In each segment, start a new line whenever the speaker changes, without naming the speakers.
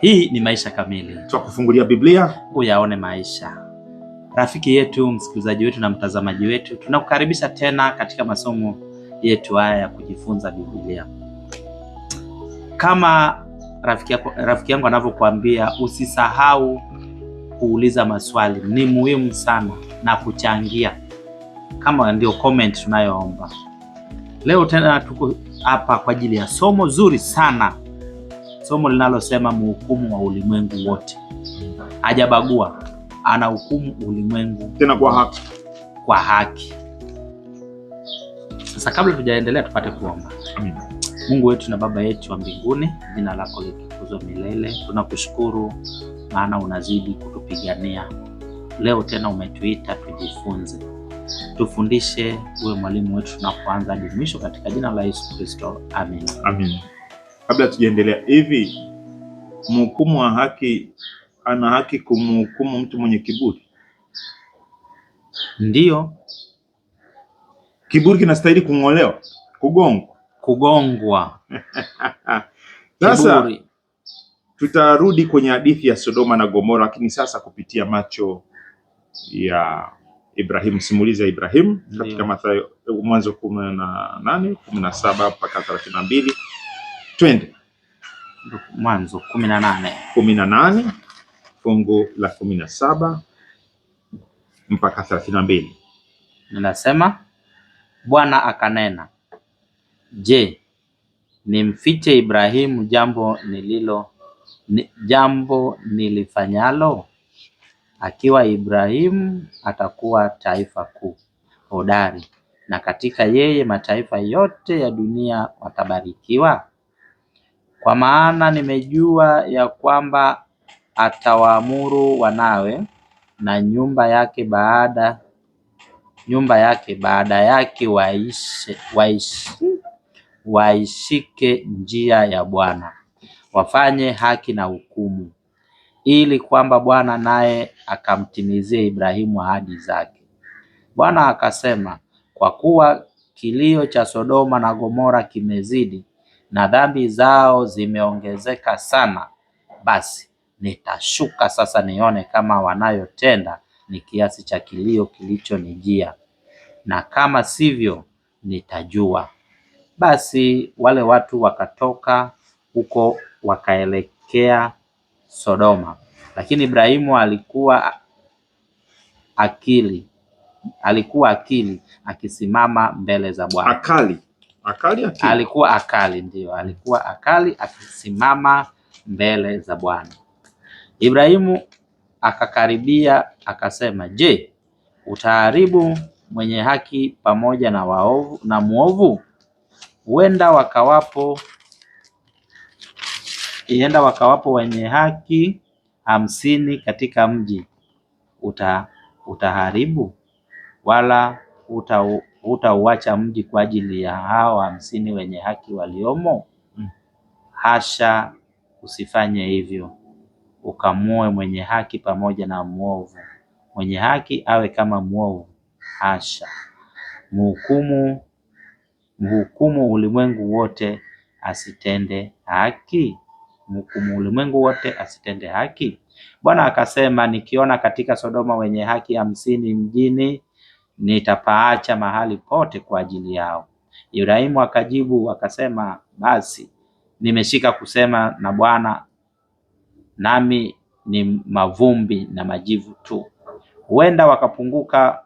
Hii ni Maisha Kamili,
twakufungulia Biblia
uyaone maisha. Rafiki yetu, msikilizaji wetu na mtazamaji wetu, tunakukaribisha tena katika masomo yetu haya ya kujifunza Biblia. Kama rafiki yako, rafiki yangu anavyokuambia, usisahau kuuliza maswali, ni muhimu sana na kuchangia, kama ndio comment tunayoomba leo. Tena tuko hapa kwa ajili ya somo zuri sana somo linalosema muhukumu wa ulimwengu wote. Hajabagua, anahukumu ulimwengu
tena kwa haki,
kwa haki. Sasa kabla tujaendelea, tupate kuomba. Mungu wetu na Baba yetu wa mbinguni, jina lako litukuzwe milele. Tunakushukuru maana unazidi kutupigania. Leo tena umetuita tujifunze, tufundishe, uwe mwalimu wetu tunapoanza hadi mwisho, katika jina la Yesu Kristo, amin,
amin. Kabla tujaendelea, hivi mhukumu wa haki ana haki kumhukumu mtu mwenye kiburi? Ndiyo, kiburi kinastahili kung'olewa, kugongwa,
kugongwa.
Sasa tutarudi kwenye hadithi ya Sodoma na Gomora, lakini sasa kupitia macho ya Ibrahim, simulizi ya Ibrahim katika Mathayo, Mwanzo kumi na nane kumi na saba mpaka thelathini na mbili twende
Mwanzo kumi na nane
kumi na nane fungu la kumi na saba mpaka thelathini na mbili
ninasema Bwana akanena, je, nimfiche Ibrahimu jambo nililo ni, jambo nilifanyalo? Akiwa Ibrahimu atakuwa taifa kuu hodari, na katika yeye mataifa yote ya dunia watabarikiwa kwa maana nimejua ya kwamba atawaamuru wanawe na nyumba yake baada nyumba yake baada yake waishe, waishi, waishike njia ya Bwana, wafanye haki na hukumu, ili kwamba Bwana naye akamtimizie Ibrahimu ahadi zake. Bwana akasema, kwa kuwa kilio cha Sodoma na Gomora kimezidi, na dhambi zao zimeongezeka sana, basi nitashuka sasa nione kama wanayotenda ni kiasi cha kilio kilichonijia, na kama sivyo nitajua. Basi wale watu wakatoka huko wakaelekea Sodoma, lakini Ibrahimu alikuwa akili alikuwa akili akisimama mbele za Bwana.
Akali akali akili.
Alikuwa akali, ndio alikuwa akali, akisimama mbele za Bwana. Ibrahimu akakaribia akasema, je, utaharibu mwenye haki pamoja na waovu na mwovu? Huenda wakawapo ienda wakawapo wenye haki hamsini katika mji, uta utaharibu? Wala uta hutauacha mji kwa ajili ya hao hamsini wenye haki waliomo? Hmm. Hasha, usifanye hivyo, ukamue mwenye haki pamoja na mwovu, mwenye haki awe kama mwovu. Hasha, mhukumu mhukumu ulimwengu wote asitende haki? Mhukumu ulimwengu wote asitende haki? Bwana akasema, nikiona katika Sodoma wenye haki hamsini mjini nitapaacha mahali pote kwa ajili yao. Ibrahimu akajibu akasema, basi nimeshika kusema na Bwana, nami ni mavumbi na majivu tu. Huenda wakapunguka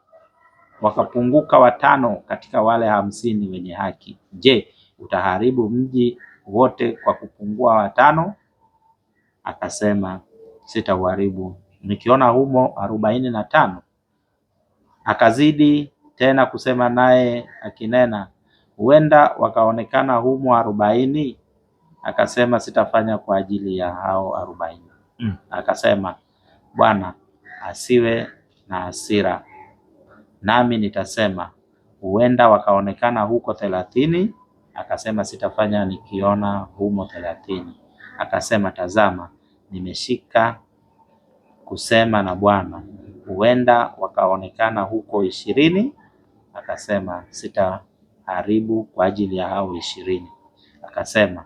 wakapunguka watano katika wale hamsini wenye haki. Je, utaharibu mji wote kwa kupungua watano? Akasema, sitauharibu nikiona humo arobaini na tano Akazidi tena kusema naye akinena, huenda wakaonekana humo arobaini. Akasema, sitafanya kwa ajili ya hao arobaini. Mm. Akasema, Bwana asiwe na hasira, nami nitasema huenda wakaonekana huko thelathini. Akasema, sitafanya nikiona humo thelathini. Akasema, tazama nimeshika kusema na Bwana huenda wakaonekana huko ishirini, akasema sitaharibu kwa ajili ya hao ishirini. Akasema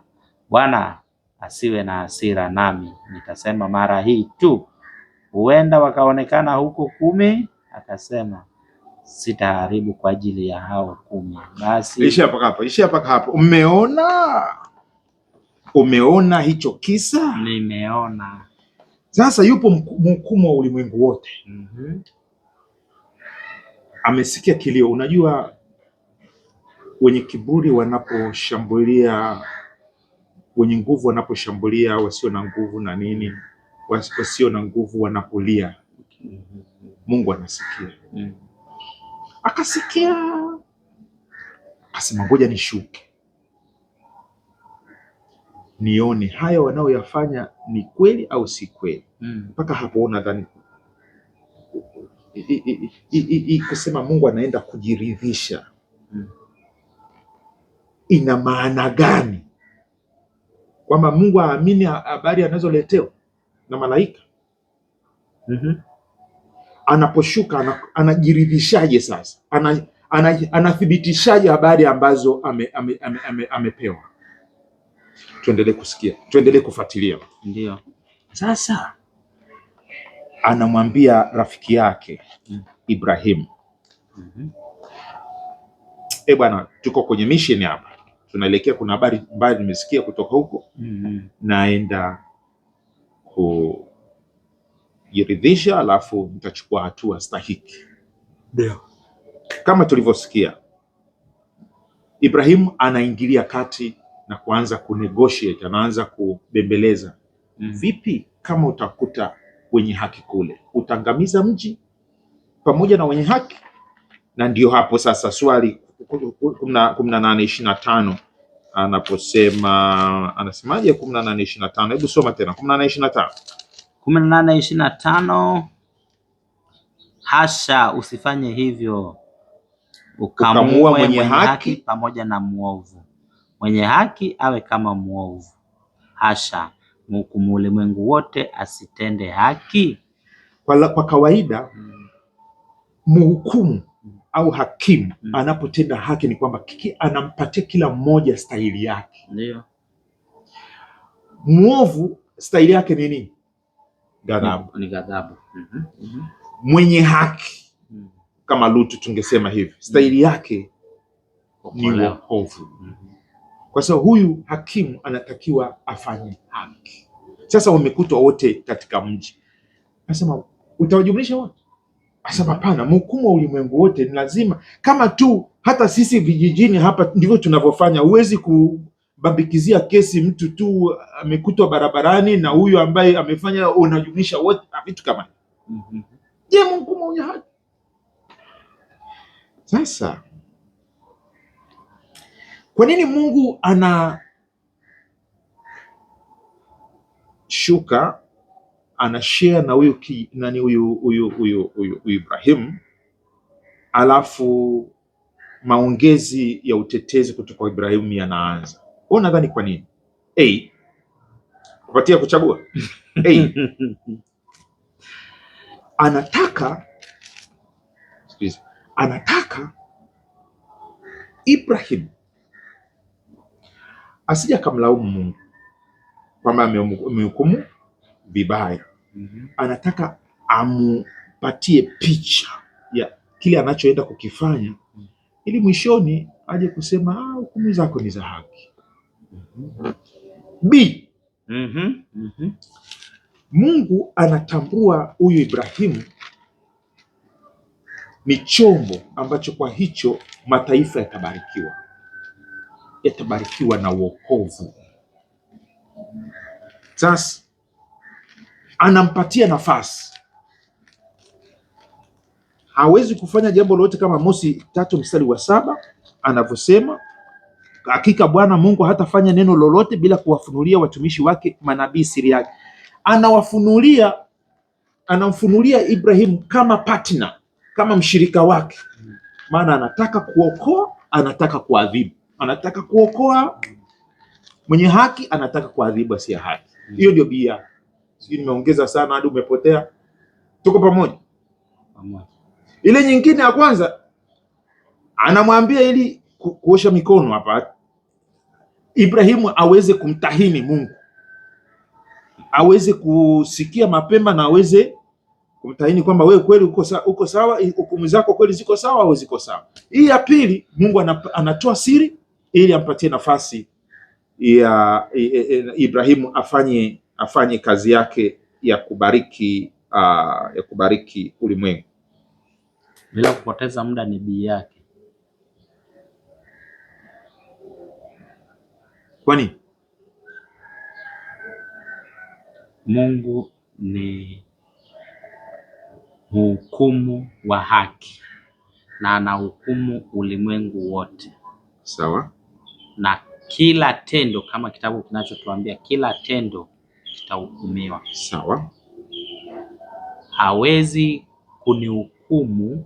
Bwana asiwe na hasira nami nitasema mara hii tu, huenda wakaonekana huko kumi, akasema sitaharibu kwa ajili ya hao kumi.
Basi ishia paka hapo, ishia paka hapo. Umeona, umeona hicho kisa,
nimeona
sasa yupo mhukumu wa ulimwengu wote. mm -hmm. Amesikia kilio. Unajua, wenye kiburi wanaposhambulia, wenye nguvu wanaposhambulia, wasio na nguvu na nini, wasio na nguvu wanapolia, mm -hmm. Mungu anasikia. mm -hmm. Akasikia, akasema ngoja nishuke nione haya wanaoyafanya ni kweli au si kweli mm. mpaka mm. hapo nadhani kusema Mungu anaenda kujiridhisha mm. ina maana gani? Kwamba Mungu aamini habari anazoletewa na malaika mm -hmm. Anaposhuka anajiridhishaje? Sasa anathibitishaje habari ambazo amepewa ame, ame, ame, ame tuendelee kusikia, tuendelee kufuatilia. Ndio sasa anamwambia rafiki yake mm. Ibrahim mm -hmm. E bwana, tuko kwenye mission hapa, tunaelekea, kuna habari mbaya nimesikia kutoka huko mm -hmm. naenda kujiridhisha, alafu nitachukua hatua stahiki. Ndio kama tulivyosikia Ibrahim anaingilia kati na kuanza kunegotiate, anaanza kubembeleza mm. Vipi kama utakuta wenye haki kule, utangamiza mji pamoja na wenye haki? Na ndio hapo sasa swali kumi na nane ishirini na tano anaposema anasemaje? kumi na nane ishirini na tano hebu soma tena, kumi na nane ishirini na tano
kumi na nane ishirini na tano Hasha, usifanye hivyo ukamua mwenye haki, haki pamoja na mwovu Mwenye haki awe kama mwovu? Hasha! Mhukumu ulimwengu wote asitende haki?
Kwa, kwa kawaida mhukumu au hakimu hmm. anapotenda haki ni kwamba kiki anampatia kila mmoja stahili yake. Ndio. Mwovu stahili yake ni nini? Ghadhabu.
Ni ghadhabu. mm
-hmm. Mwenye haki mm. kama Lutu tungesema hivi stahili yake
Okolewa. ni wokovu.
mm -hmm kwa sababu huyu hakimu anatakiwa afanye haki. Sasa wamekutwa wote katika mji, nasema utawajumlisha wote? Asema hapana, mhukumu wa ulimwengu wote ni lazima, kama tu hata sisi vijijini hapa ndivyo tunavyofanya. Huwezi kubambikizia kesi mtu tu amekutwa barabarani na huyu ambaye amefanya, unajumlisha wote, vitu kama hivyo. Mhm. Je, mhukumu mwenye haki sasa kwa nini Mungu anashuka share na huyu nani huyu huyu huyu Ibrahimu, alafu maongezi ya utetezi kutoka kwa Ibrahimu yanaanza? Wewe unadhani kwa nini? Hey, kupatia kuchagua hey. Anataka anataka Ibrahim asija akamlaumu Mungu kwamba amehukumu vibaya. mm -hmm. Anataka amupatie picha ya kile anachoenda kukifanya ili mwishoni aje kusema ah, hukumu zako ni za haki. mm -hmm. B. mm -hmm. mm -hmm. Mungu anatambua huyu Ibrahimu ni chombo ambacho kwa hicho mataifa yatabarikiwa yatabarikiwa na wokovu. Sasa anampatia nafasi, hawezi kufanya jambo lolote kama Mosi tatu mstari wa saba anavyosema, hakika Bwana Mungu hatafanya neno lolote bila kuwafunulia watumishi wake manabii siri yake. Anawafunulia, anamfunulia Ibrahimu kama partner, kama mshirika wake, maana anataka kuokoa, anataka kuadhibu anataka kuokoa, mwenye haki anataka kuadhibu asiye haki. Hiyo ndio bia. Sijui nimeongeza sana hadi umepotea. Tuko pamoja? Ile nyingine ya kwanza anamwambia ili kuosha mikono hapa Ibrahimu aweze kumtahini Mungu, aweze kusikia mapema na aweze kumtahini kwamba wewe kweli uko sawa, uko sawa, hukumu zako kweli ziko sawa au ziko sawa. Hii ya pili Mungu anatoa siri ili ampatie nafasi ya Ibrahimu afanye afanye kazi yake ya kubariki uh, ya kubariki ulimwengu.
Bila kupoteza muda, ni bii yake. Kwani Mungu ni mhukumu wa haki na anahukumu ulimwengu wote. Sawa na kila tendo kama kitabu kinachotuambia, kila tendo kitahukumiwa. Sawa, hawezi kunihukumu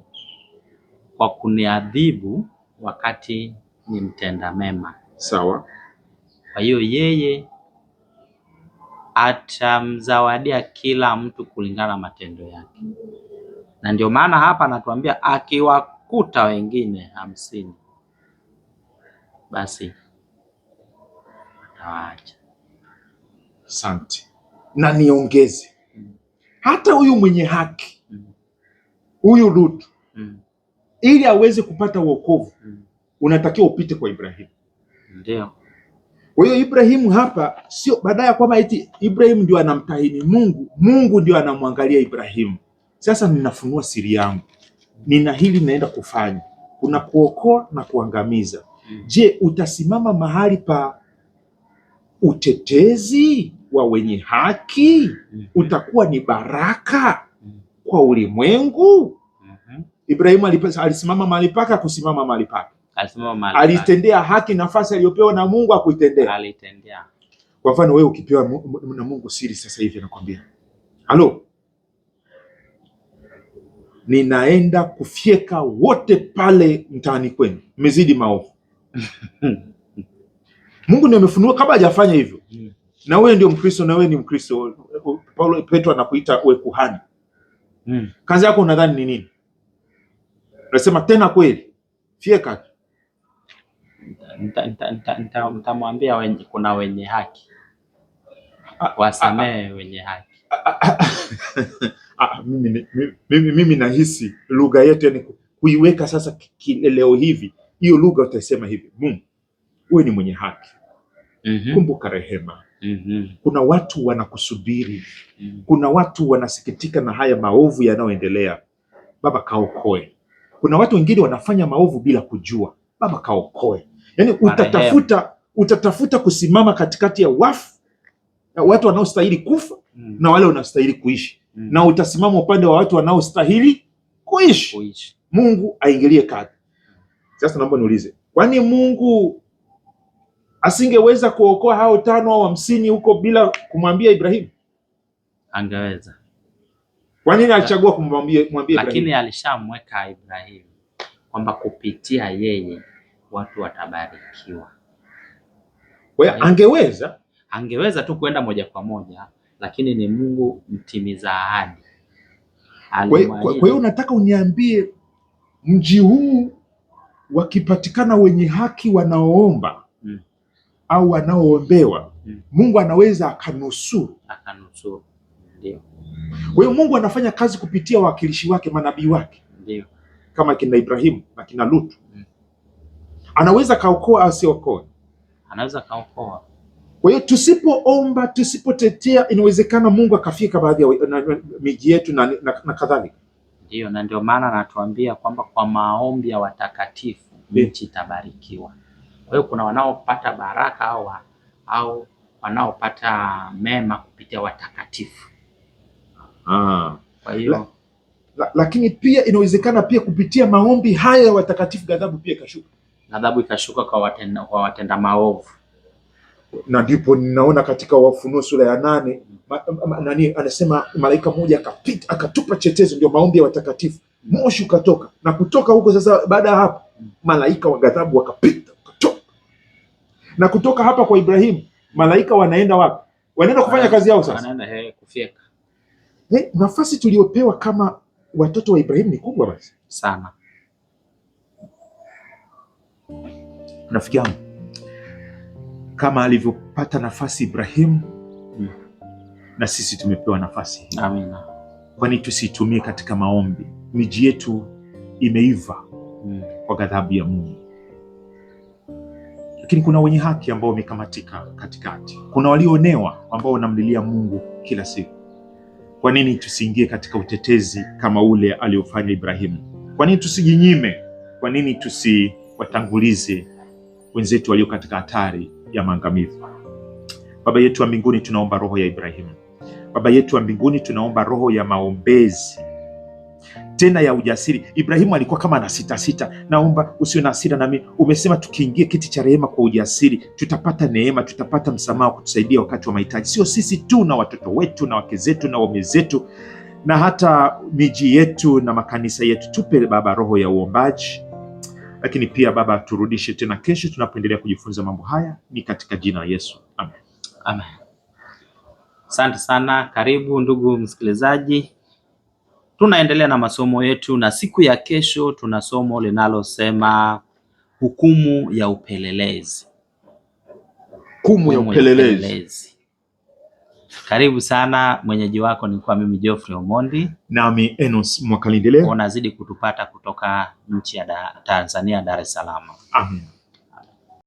kwa kuniadhibu wakati ni mtenda mema. Sawa, kwa hiyo yeye atamzawadia kila mtu kulingana na matendo yake, na ndio maana hapa anatuambia akiwakuta wengine hamsini basi
utawaacha. Asante, na niongeze hata huyu mwenye haki huyu Lutu ili aweze kupata wokovu unatakiwa upite kwa Ibrahimu. Ndio. Kwa hiyo Ibrahimu hapa sio baada ya kwamba eti Ibrahimu ndio anamtahini Mungu, Mungu ndio anamwangalia Ibrahimu. Sasa ninafunua siri yangu, nina hili naenda kufanya, kuna kuokoa na kuangamiza. Je, utasimama mahali pa utetezi wa wenye haki mhm. utakuwa ni baraka mhm. kwa ulimwengu. Mhm. Ibrahimu alisimama mahali pake, akusimama mahali pake, alitendea haki nafasi aliyopewa na Mungu akuitendea. Kwa mfano, wewe ukipewa na Mungu siri sasa hivi, anakwambia halo, ninaenda kufyeka wote pale mtaani kwenu, mmezidi maovu Mungu ndiye amefunua kabla hajafanya hivyo mm. na wewe ndio Mkristo, na wewe ni Mkristo. Paulo Petro anakuita uwe kuhani mm. kazi yako unadhani ni nini? Unasema tena kweli fyeka
nitamwambia wenye, kuna wenye haki ah, wasamehe ah, ah. wenye haki.
Mimi, mimi, mimi nahisi lugha yetu yani kuiweka sasa kileleo hivi, hiyo lugha utaisema hivi Mungu uwe ni mwenye haki. mm -hmm. Kumbuka rehema. mm -hmm. Kuna watu wanakusubiri. mm -hmm. Kuna watu wanasikitika na haya maovu yanayoendelea. Baba, kaokoe. Kuna watu wengine wanafanya maovu bila kujua. Baba, kaokoe. Yaani utatafuta, utatafuta kusimama katikati ya wafu na watu wanaostahili kufa mm. na wale wanaostahili kuishi mm. na utasimama upande wa watu wanaostahili kuishi. Mungu aingilie kati. Sasa naomba niulize, kwani Mungu asingeweza kuokoa hao tano au hamsini huko bila kumwambia Ibrahimu?
Angeweza.
Kwa nini alichagua kumwambia mwambie
Ibrahimu? Lakini alishamweka Ibrahimu kwamba kupitia yeye watu watabarikiwa.
Kwa angeweza
angeweza tu kwenda moja kwa moja, lakini ni Mungu mtimiza ahadi.
Kwa hiyo unataka uniambie mji huu wakipatikana wenye haki wanaoomba, hmm au wanaoombewa hmm. Mungu anaweza akanusuru,
akanusuru. Ndio.
Kwa hiyo Mungu anafanya kazi kupitia wawakilishi wake, manabii wake. Ndio. Kama kina Ibrahimu na kina Lutu hmm. Anaweza kaokoa au
anaweza kaokoa.
Kwa hiyo tusipoomba, tusipotetea, inawezekana Mungu akafika baadhi ya miji yetu na, na, na kadhalika.
Ndio, na ndio maana anatuambia kwamba kwa maombi ya watakatifu nchi itabarikiwa. Kwa hiyo kuna wanaopata baraka au, au wanaopata mema kupitia watakatifu. Ah. Kwa hiyo la,
la, lakini pia inawezekana pia kupitia maombi haya ya watakatifu ghadhabu pia ikashuka,
ghadhabu ikashuka kwa watenda, kwa watenda maovu
na ndipo ninaona katika Wafunuo sura ya nane ma, ma, nani anasema malaika mmoja akapita akatupa chetezo, ndio maombi ya watakatifu, mm. moshi ukatoka. Na kutoka huko sasa, baada ya hapo, mm. malaika wa ghadhabu wakapita na kutoka hapa kwa Ibrahimu, malaika wanaenda wapi? Wanaenda kufanya kazi yao
sasa. Wanaenda he, eh, kufyeka.
He, eh, nafasi tuliopewa kama watoto wa Ibrahimu ni kubwa basi. Sana. Rafiki yangu, kama alivyopata nafasi Ibrahimu, hmm, na sisi tumepewa nafasi hii. Amina. Kwani tusitumie katika maombi? Miji yetu imeiva, hmm, kwa ghadhabu ya Mungu lakini kuna wenye haki ambao wamekamatika katikati, kuna walioonewa ambao wanamlilia Mungu kila siku. Kwa nini tusiingie katika utetezi kama ule aliofanya Ibrahimu? Kwa nini tusijinyime? Kwa nini tusiwatangulize wenzetu walio katika hatari ya maangamivu? Baba yetu wa mbinguni, tunaomba roho ya Ibrahimu. Baba yetu wa mbinguni, tunaomba roho ya maombezi tena ya ujasiri. Ibrahimu alikuwa kama na sita sita. Naomba usiwe na hasira nami. Umesema tukiingia kiti cha rehema kwa ujasiri, tutapata neema, tutapata msamaha wa kutusaidia wakati wa mahitaji, sio sisi tu, na watoto wetu na wake zetu na waume zetu na hata miji yetu na makanisa yetu. Tupe Baba roho ya uombaji, lakini pia Baba turudishe tena kesho tunapoendelea kujifunza mambo haya, ni katika jina la Yesu, amen.
Amen. Asante sana. Karibu ndugu msikilizaji. Tunaendelea na masomo yetu na siku ya kesho tuna somo linalosema hukumu ya upelelezi.
Hukumu ya upelelezi. Upelelezi.
Karibu sana, mwenyeji wako nilikuwa mimi Geoffrey Omondi
nami Enos Mwakalindele.
Unazidi kutupata kutoka nchi ya da, Tanzania Dar es Salaam. Amen.